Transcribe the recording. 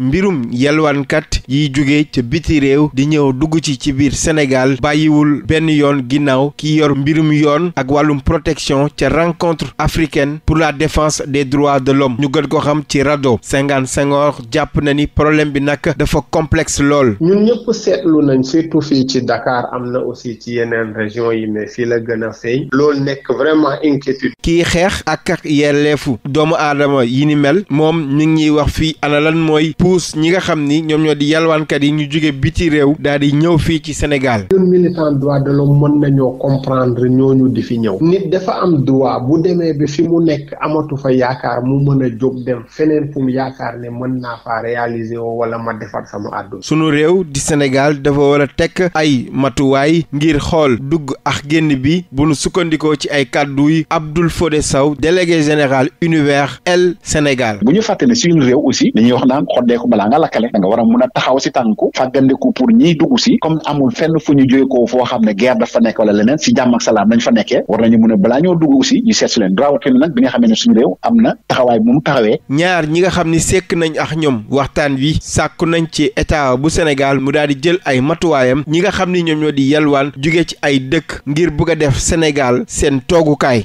mbirum yelwaankat yiy jóge ca biti réew di ñëw dugg ci ci biir Sénégal bàyyiwul benn yoon ginnaaw ki yor mbirum yoon ak wàllum protection ca rencontre africaine pour la défense des droits de l'homme ñu gën ko xam ci RADDHO Senghane Senghor jàpp na ni problème bi nag dafa complexe lool. ñun ñëpp seetlu nañ surtout fii ci Dakar am na aussi ci yeneen région yi mais fii la gën a feeñ loolu nekk vraiment inquiétude. kii xeex ak yelleefu doomu aadama yi ni mel moom ñu ngi wax fii ana lan mooy. pousse ñi nga xam ni ñoom ñoo di yalwaankat yi ñu jóge biti réew daal di ñëw fii ci Sénégal. ñun militant droit de l'homme mën nañoo comprendre ñooñu di fi ñëw. nit dafa am droit bu demee bi fi mu nekk amatu fa yaakaar mu mën a jóg dem feneen fu yaakaar ne mën naa faa réaliser woo wala ma defar sama àdduna. sunu réew di Sénégal dafa war a tekk ay matuwaay ngir xool dugg ak génn bi bu nu sukkandikoo ci ay kàddu yi Abdoul Fodé Sow délégué général univers el Sénégal. bu ñu fàtte ne suñu réew aussi dañuy wax naan fàggandeeku balaa nga lakkale da nga war a mun a taxaw si tànku fàggandeku pour ñiy dugg si comme amul fenn fu ñu jóge ko foo xam ne guerre dafa nekk wala leneen si jàmm ak salaam lañ fa nekkee war nañu mun a balaa ñoo dugg si ñu seet si leen droit criminel nag bi nga xam ne suñu réew am na taxawaay bu mu taxawee ñaar ñi nga xam ni sekk nañu ak ñoom waxtaan wi sàkku nañ ci état bu Sénégal mu daal di jël ay matuwaayam ñi nga xam ni ñoom ñoo di yalwaan jóge ci ay dëkk ngir bëgg a def Sénégal seen toogukaay